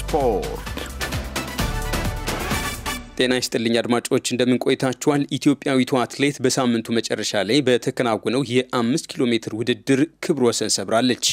ስፖርት ጤና ይስጥልኝ አድማጮች፣ እንደምን ቆይታችኋል? ኢትዮጵያዊቱ አትሌት በሳምንቱ መጨረሻ ላይ በተከናወነው የአምስት ኪሎ ሜትር ውድድር ክብረ ወሰን ሰብራለች።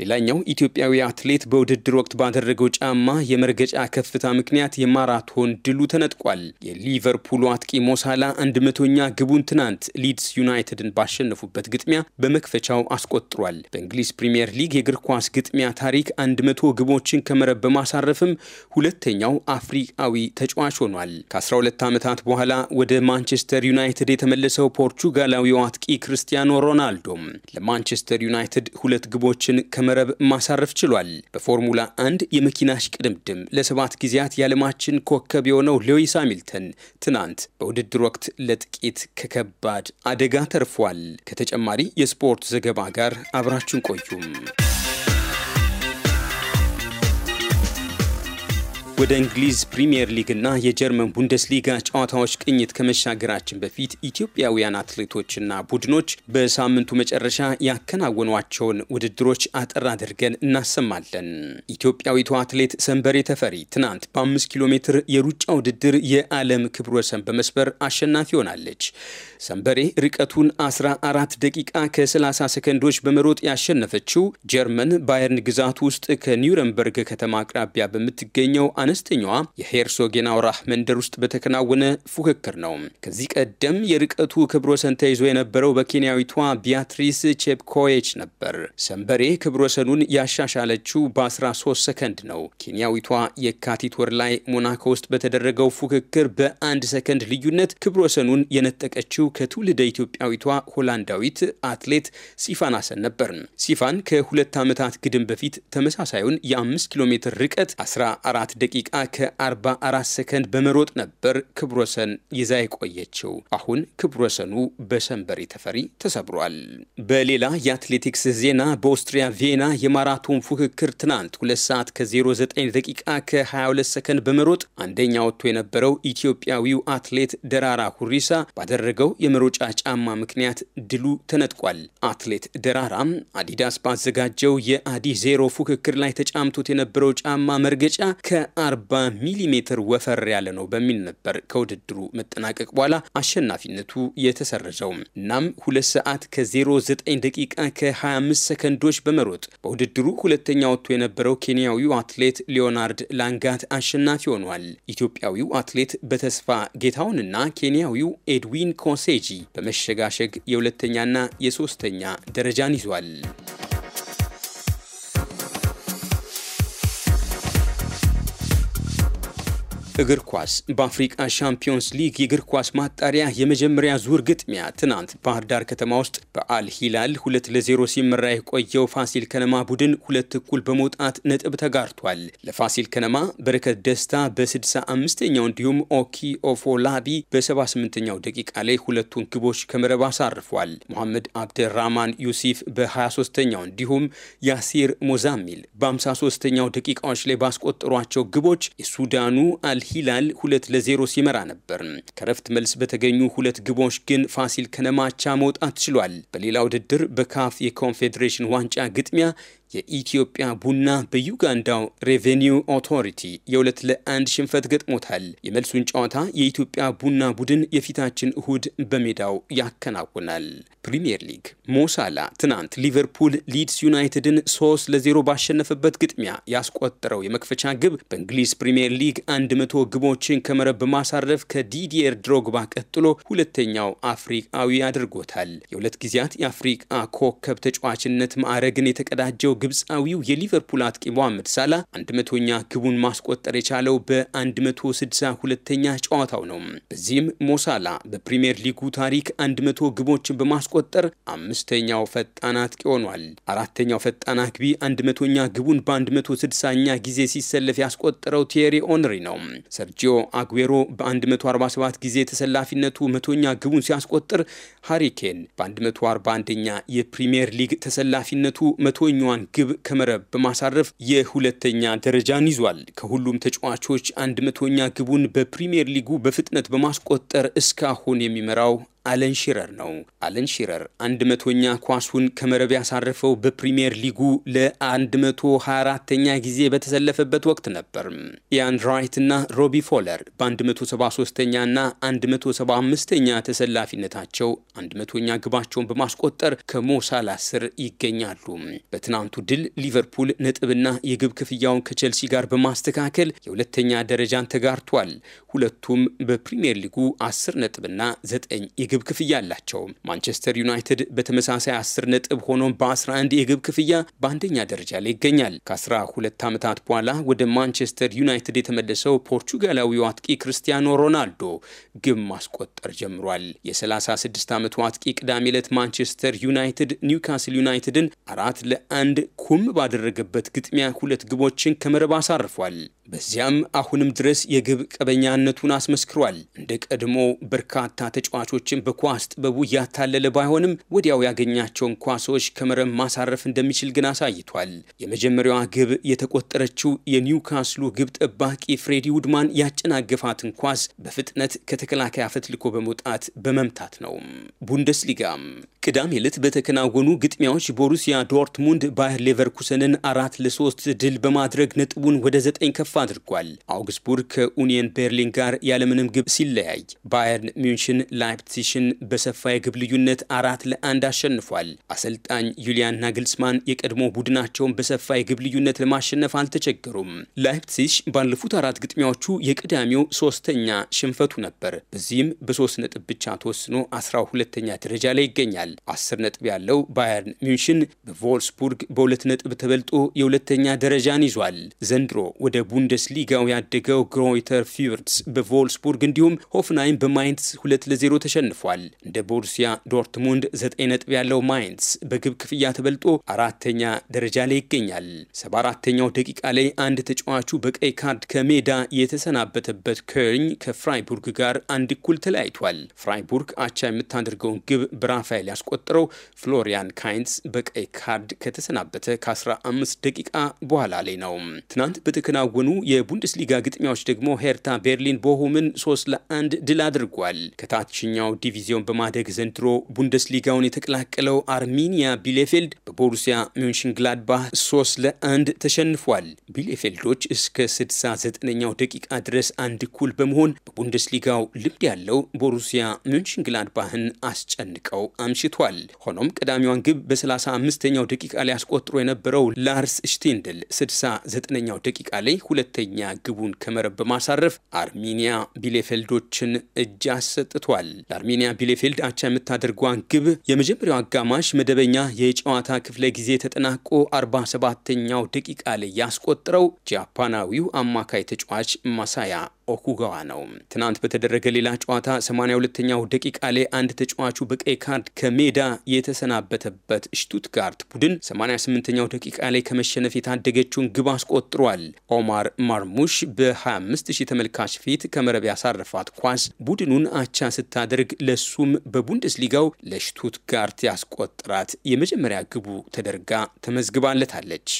ሌላኛው ኢትዮጵያዊ አትሌት በውድድር ወቅት ባደረገው ጫማ የመርገጫ ከፍታ ምክንያት የማራቶን ድሉ ተነጥቋል። የሊቨርፑሉ አጥቂ ሞሳላ አንድ መቶኛ ግቡን ትናንት ሊድስ ዩናይትድን ባሸነፉበት ግጥሚያ በመክፈቻው አስቆጥሯል። በእንግሊዝ ፕሪምየር ሊግ የእግር ኳስ ግጥሚያ ታሪክ አንድ መቶ ግቦችን ከመረብ በማሳረፍም ሁለተኛው አፍሪቃዊ ተጫዋች ሆኗል። ከ12 ዓመታት በኋላ ወደ ማንቸስተር ዩናይትድ የተመለሰው ፖርቹጋላዊው አጥቂ ክርስቲያኖ ሮናልዶም ለማንቸስተር ዩናይትድ ሁለት ግቦችን ከ መረብ ማሳረፍ ችሏል። በፎርሙላ አንድ የመኪና ሽቅድምድም ለሰባት ጊዜያት የዓለማችን ኮከብ የሆነው ሌዊስ ሃሚልተን ትናንት በውድድር ወቅት ለጥቂት ከከባድ አደጋ ተርፏል። ከተጨማሪ የስፖርት ዘገባ ጋር አብራችን ቆዩም። ወደ እንግሊዝ ፕሪምየር እና የጀርመን ቡንደስሊጋ ጨዋታዎች ቅኝት ከመሻገራችን በፊት ኢትዮጵያውያን አትሌቶችና ቡድኖች በሳምንቱ መጨረሻ ያከናወኗቸውን ውድድሮች አጠር አድርገን እናሰማለን። ኢትዮጵያዊቷ አትሌት ሰንበሬ ተፈሪ ትናንት በአምስት ኪሎ ሜትር የሩጫ ውድድር የዓለም ክብረ ወሰን በመስበር አሸናፊ ሆናለች። ሰንበሬ ርቀቱን 14 ደቂቃ ከ30 ሰከንዶች በመሮጥ ያሸነፈችው ጀርመን ባየርን ግዛት ውስጥ ከኒውረንበርግ ከተማ አቅራቢያ በምትገኘው አነስተኛዋ የሄርሶጌና መንደር ውስጥ በተከናወነ ፉክክር ነው። ከዚህ ቀደም የርቀቱ ክብረ ወሰን ተይዞ የነበረው በኬንያዊቷ ቢያትሪስ ቼፕኮች ነበር። ሰንበሬ ክብረ ወሰኑን ያሻሻለችው በ13 ሰከንድ ነው። ኬንያዊቷ የካቲት ወር ላይ ሞናኮ ውስጥ በተደረገው ፉክክር በአንድ ሰከንድ ልዩነት ክብረ ወሰኑን የነጠቀችው ከትውልደ ኢትዮጵያዊቷ ሆላንዳዊት አትሌት ሲፋን አሰን ነበር። ሲፋን ከሁለት ዓመታት ግድም በፊት ተመሳሳዩን የአምስት ኪሎ ሜትር ርቀት 14 ደቂ ደቂቃ ከ44 ሰከንድ በመሮጥ ነበር ክብሮሰን ይዛ የቆየችው። አሁን ክብሮሰኑ በሰንበሬ ተፈሪ ተሰብሯል። በሌላ የአትሌቲክስ ዜና በኦስትሪያ ቪየና የማራቶን ፉክክር ትናንት 2 ሰዓት ከ09 ደቂቃ ከ22 ሰከንድ በመሮጥ አንደኛ ወጥቶ የነበረው ኢትዮጵያዊው አትሌት ደራራ ሁሪሳ ባደረገው የመሮጫ ጫማ ምክንያት ድሉ ተነጥቋል። አትሌት ደራራም አዲዳስ ባዘጋጀው የአዲ ዜሮ ፉክክር ላይ ተጫምቶት የነበረው ጫማ መርገጫ ከ 40 ሚሊሜትር ወፈር ያለ ነው በሚል ነበር ከውድድሩ መጠናቀቅ በኋላ አሸናፊነቱ የተሰረዘው። እናም 2 ሰዓት ከ09 ደቂቃ ከ25 ሰከንዶች በመሮጥ በውድድሩ ሁለተኛ ወጥቶ የነበረው ኬንያዊው አትሌት ሊዮናርድ ላንጋት አሸናፊ ሆኗል። ኢትዮጵያዊው አትሌት በተስፋ ጌታውንና ኬንያዊው ኤድዊን ኮሴጂ በመሸጋሸግ የሁለተኛና የሶስተኛ ደረጃን ይዟል። እግር ኳስ በአፍሪቃ ሻምፒዮንስ ሊግ የእግር ኳስ ማጣሪያ የመጀመሪያ ዙር ግጥሚያ ትናንት ባህር ዳር ከተማ ውስጥ በአል ሂላል ሁለት ለዜሮ ሲመራ የቆየው ፋሲል ከነማ ቡድን ሁለት እኩል በመውጣት ነጥብ ተጋርቷል። ለፋሲል ከነማ በረከት ደስታ በ65ኛው እንዲሁም ኦኪ ኦፎላቢ በ78ኛው ደቂቃ ላይ ሁለቱን ግቦች ከመረብ አሳርፏል። ሞሐመድ አብደራማን ዩሲፍ በ23ኛው እንዲሁም ያሲር ሞዛሚል በ53ኛው ደቂቃዎች ላይ ባስቆጠሯቸው ግቦች የሱዳኑ አል ሂላል ሁለት ለዜሮ ሲመራ ነበር። ከረፍት መልስ በተገኙ ሁለት ግቦች ግን ፋሲል ከነማቻ መውጣት ችሏል። በሌላ ውድድር በካፍ የኮንፌዴሬሽን ዋንጫ ግጥሚያ የኢትዮጵያ ቡና በዩጋንዳው ሬቬኒው ኦቶሪቲ የሁለት ለአንድ ሽንፈት ገጥሞታል። የመልሱን ጨዋታ የኢትዮጵያ ቡና ቡድን የፊታችን እሁድ በሜዳው ያከናውናል። ፕሪምየር ሊግ ሞሳላ ትናንት ሊቨርፑል ሊድስ ዩናይትድን ለ ለዜሮ ባሸነፈበት ግጥሚያ ያስቆጠረው የመክፈቻ ግብ በእንግሊዝ ፕሪምየር ሊግ 100 ግቦችን ከመረብ በማሳረፍ ከዲዲየር ድሮግባ ቀጥሎ ሁለተኛው አፍሪቃዊ አድርጎታል። የሁለት ጊዜያት የአፍሪቃ ኮከብ ተጫዋችነት ማዕረግን የተቀዳጀው ግብፃዊው የሊቨርፑል አጥቂ መሐመድ ሳላ አንድ መቶኛ ግቡን ማስቆጠር የቻለው በ 162 ሁለተኛ ጨዋታው ነው። በዚህም ሞሳላ በፕሪምየር ሊጉ ታሪክ 100 ግቦችን በማስቆጠር አምስተኛው ፈጣን አጥቂ ሆኗል። አራተኛው ፈጣን አግቢ 100ኛ ግቡን በ160ኛ ጊዜ ሲሰለፍ ያስቆጠረው ቴሪ ኦንሪ ነው። ሰርጂዮ አግዌሮ በ147 ጊዜ ተሰላፊነቱ መቶኛ ግቡን ሲያስቆጥር ሃሪኬን በ141ኛ የፕሪምየር ሊግ ተሰላፊነቱ መቶኛዋን ግብ ከመረብ በማሳረፍ የሁለተኛ ደረጃን ይዟል። ከሁሉም ተጫዋቾች አንድ መቶኛ ግቡን በፕሪምየር ሊጉ በፍጥነት በማስቆጠር እስካሁን የሚመራው አለን ሺረር ነው። አለን ሺረር አንድ መቶኛ ኳሱን ከመረብ ያሳረፈው በፕሪሚየር ሊጉ ለ124ኛ ጊዜ በተሰለፈበት ወቅት ነበር። ኢያን ራይት እና ሮቢ ፎለር በ173ኛ እና 175ኛ ተሰላፊነታቸው 100ኛ ግባቸውን በማስቆጠር ከሞሳላ ስር ይገኛሉ። በትናንቱ ድል ሊቨርፑል ነጥብና የግብ ክፍያውን ከቼልሲ ጋር በማስተካከል የሁለተኛ ደረጃን ተጋርቷል። ሁለቱም በፕሪምየር ሊጉ 10 ነጥብና 9 የግብ ክፍያ አላቸው። ማንቸስተር ዩናይትድ በተመሳሳይ 10 ነጥብ ሆኖ በ11 የግብ ክፍያ በአንደኛ ደረጃ ላይ ይገኛል። ከ12 ዓመታት በኋላ ወደ ማንቸስተር ዩናይትድ የተመለሰው ፖርቹጋላዊው አጥቂ ክርስቲያኖ ሮናልዶ ግብ ማስቆጠር ጀምሯል። የ36 ዓመቱ አጥቂ ቅዳሜ ዕለት ማንቸስተር ዩናይትድ ኒውካስል ዩናይትድን አራት ለአንድ ኩም ባደረገበት ግጥሚያ ሁለት ግቦችን ከመረብ አሳርፏል። በዚያም አሁንም ድረስ የግብ ቀበኛነቱን አስመስክሯል። እንደ ቀድሞ በርካታ ተጫዋቾችን በኳስ ጥበቡ እያታለለ ባይሆንም ወዲያው ያገኛቸውን ኳሶች ከመረብ ማሳረፍ እንደሚችል ግን አሳይቷል። የመጀመሪያዋ ግብ የተቆጠረችው የኒውካስሉ ግብ ጠባቂ ፍሬዲ ውድማን ያጨናገፋትን ኳስ በፍጥነት ከተከላካይ አፈትልኮ በመውጣት በመምታት ነው። ቡንደስሊጋ ቅዳሜ ዕለት በተከናወኑ ግጥሚያዎች ቦሩሲያ ዶርትሙንድ ባየር ሌቨርኩሰንን አራት ለሶስት ድል በማድረግ ነጥቡን ወደ ዘጠኝ ከፍ አድርጓል። አውግስቡርግ ከኡኒየን ቤርሊን ጋር ያለምንም ግብ ሲለያይ፣ ባየርን ሚንሽን ላይፕሲሽን በሰፋ የግብ ልዩነት አራት ለአንድ አሸንፏል። አሰልጣኝ ዩሊያን ናግልስማን የቀድሞ ቡድናቸውን በሰፋ የግብ ልዩነት ለማሸነፍ አልተቸገሩም። ላይፕሲሽ ባለፉት አራት ግጥሚያዎቹ የቅዳሜው ሶስተኛ ሽንፈቱ ነበር። በዚህም በሶስት ነጥብ ብቻ ተወስኖ አስራ ሁለተኛ ደረጃ ላይ ይገኛል። አስር ነጥብ ያለው ባየርን ሚንሽን በቮልስቡርግ በሁለት ነጥብ ተበልጦ የሁለተኛ ደረጃን ይዟል። ዘንድሮ ወደ ቡን ቡንደስሊጋው ያደገው ግሮይተር ፊርትስ በቮልስቡርግ እንዲሁም ሆፍንሃይም በማይንስ ሁለት ለዜሮ ተሸንፏል። እንደ ቦሩሲያ ዶርትሙንድ ዘጠኝ ነጥብ ያለው ማይንስ በግብ ክፍያ ተበልጦ አራተኛ ደረጃ ላይ ይገኛል። ሰባ አራተኛው ደቂቃ ላይ አንድ ተጫዋቹ በቀይ ካርድ ከሜዳ የተሰናበተበት ኮልኝ ከፍራይቡርግ ጋር አንድ እኩል ተለያይቷል። ፍራይቡርግ አቻ የምታደርገውን ግብ በራፋኤል ያስቆጠረው ፍሎሪያን ካይንስ በቀይ ካርድ ከተሰናበተ ከ15 ደቂቃ በኋላ ላይ ነው። ትናንት በተከናወኑ የቡንደስሊጋ ግጥሚያዎች ደግሞ ሄርታ ቤርሊን ቦሁምን ሶስት ለአንድ ድል አድርጓል። ከታችኛው ዲቪዚዮን በማደግ ዘንድሮ ቡንደስሊጋውን የተቀላቀለው አርሚኒያ ቢሌፌልድ በቦሩሲያ ሚንሽንግላድባህ ሶስት ለአንድ ተሸንፏል። ቢሌፌልዶች እስከ 69ኛው ደቂቃ ድረስ አንድ እኩል በመሆን በቡንደስሊጋው ልምድ ያለው ቦሩሲያ ሚንሽንግላድባህን አስጨንቀው አምሽቷል። ሆኖም ቀዳሚዋን ግብ በ35ኛው ደቂቃ ላይ አስቆጥሮ የነበረው ላርስ ሽቴንድል 69ኛው ደቂቃ ላይ ሁለተኛ ግቡን ከመረብ በማሳረፍ አርሜኒያ ቢሌፌልዶችን እጅ አሰጥቷል። ለአርሜኒያ ቢሌፌልድ አቻ የምታደርጓን ግብ የመጀመሪያው አጋማሽ መደበኛ የጨዋታ ክፍለ ጊዜ ተጠናቆ 47ኛው ደቂቃ ላይ ያስቆጠረው ጃፓናዊው አማካይ ተጫዋች ማሳያ ኦኩጋዋ ነው። ትናንት በተደረገ ሌላ ጨዋታ 82ኛው ደቂቃ ላይ አንድ ተጫዋቹ በቀይ ካርድ ከሜዳ የተሰናበተበት ሽቱትጋርት ቡድን 88ኛው ደቂቃ ላይ ከመሸነፍ የታደገችውን ግብ አስቆጥሯል። ኦማር ማርሙሽ በ25000 ተመልካች ፊት ከመረብ ያሳረፋት ኳስ ቡድኑን አቻ ስታደርግ ለሱም በቡንደስሊጋው ለሽቱትጋርት ያስቆጥራት የመጀመሪያ ግቡ ተደርጋ ተመዝግባለታለች።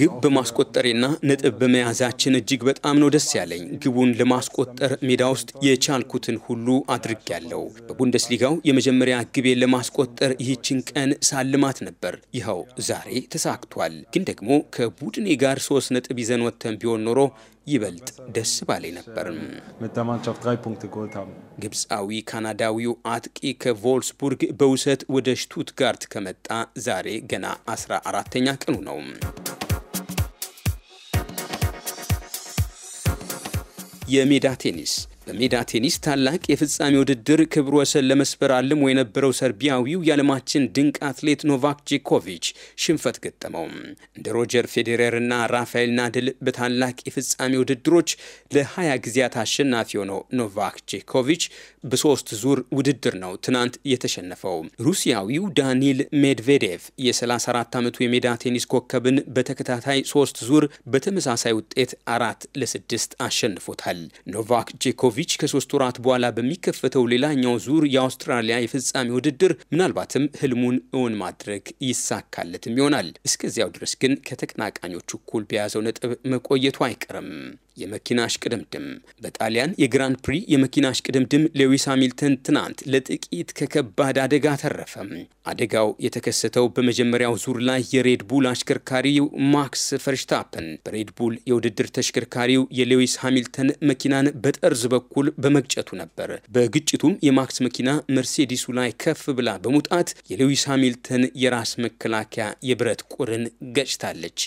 ግብ በማስቆጠሬና ነጥብ በመያዛ በመግባታችን እጅግ በጣም ነው ደስ ያለኝ። ግቡን ለማስቆጠር ሜዳ ውስጥ የቻልኩትን ሁሉ ያለው በቡንደስሊጋው የመጀመሪያ ግቤ ለማስቆጠር ይህችን ቀን ሳልማት ነበር። ይኸው ዛሬ ተሳክቷል። ግን ደግሞ ከቡድኔ ጋር ሶስት ነጥብ ይዘን ወጥተን ቢሆን ኖሮ ይበልጥ ደስ ባሌ ነበርም። ግብፃዊ ካናዳዊው አጥቂ ከቮልስቡርግ በውሰት ወደ ሽቱትጋርት ከመጣ ዛሬ ገና 14ተኛ ቀኑ ነው። የሜዳ ቴኒስ በሜዳ ቴኒስ ታላቅ የፍጻሜ ውድድር ክብር ወሰን ለመስበር አልሞ የነበረው ሰርቢያዊው የዓለማችን ድንቅ አትሌት ኖቫክ ጆኮቪች ሽንፈት ገጠመው። እንደ ሮጀር ፌዴሬርና ራፋኤል ናድል በታላቅ የፍጻሜ ውድድሮች ለ20 ጊዜያት አሸናፊ የሆነው ኖቫክ ጆኮቪች በሶስት ዙር ውድድር ነው ትናንት የተሸነፈው። ሩሲያዊው ዳኒል ሜድቬዴቭ የ34 ዓመቱ የሜዳ ቴኒስ ኮከብን በተከታታይ ሶስት ዙር በተመሳሳይ ውጤት አራት ለስድስት አሸንፎታል። ኖቫክ ጆኮቪች ጆኮቪች ከሶስት ወራት በኋላ በሚከፈተው ሌላኛው ዙር የአውስትራሊያ የፍጻሜ ውድድር ምናልባትም ህልሙን እውን ማድረግ ይሳካለትም ይሆናል። እስከዚያው ድረስ ግን ከተቀናቃኞቹ እኩል በያዘው ነጥብ መቆየቱ አይቀርም። የመኪና እሽቅድምድም በጣሊያን የግራንድ ፕሪ የመኪና እሽቅድምድም ሌዊስ ሃሚልተን ትናንት ለጥቂት ከከባድ አደጋ ተረፈም። አደጋው የተከሰተው በመጀመሪያው ዙር ላይ የሬድቡል አሽከርካሪው ማክስ ፈርሽታፕን በሬድቡል የውድድር ተሽከርካሪው የሌዊስ ሃሚልተን መኪናን በጠርዝ በኩል በመግጨቱ ነበር። በግጭቱም የማክስ መኪና መርሴዲሱ ላይ ከፍ ብላ በመውጣት የሌዊስ ሃሚልተን የራስ መከላከያ የብረት ቁርን ገጭታለች።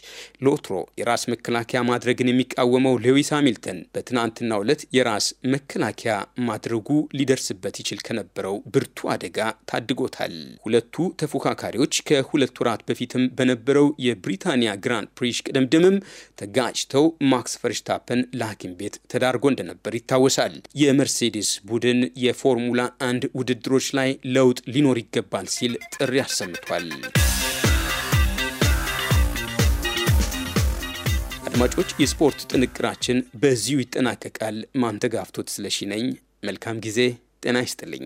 ሎትሮ የራስ መከላከያ ማድረግን የሚቃወመው ሉዊስ ሃሚልተን በትናንትናው ዕለት የራስ መከላከያ ማድረጉ ሊደርስበት ይችል ከነበረው ብርቱ አደጋ ታድጎታል። ሁለቱ ተፎካካሪዎች ከሁለት ወራት በፊትም በነበረው የብሪታንያ ግራንድ ፕሪሽ ቅደምድምም ተጋጭተው ማክስ ፈርሽታፐን ለሐኪም ቤት ተዳርጎ እንደነበር ይታወሳል። የመርሴዴስ ቡድን የፎርሙላ አንድ ውድድሮች ላይ ለውጥ ሊኖር ይገባል ሲል ጥሪ አሰምቷል። አድማጮች፣ የስፖርት ጥንቅራችን በዚሁ ይጠናቀቃል። ማንተጋፍቶት ስለሺ ነኝ። መልካም ጊዜ። ጤና ይስጥልኝ።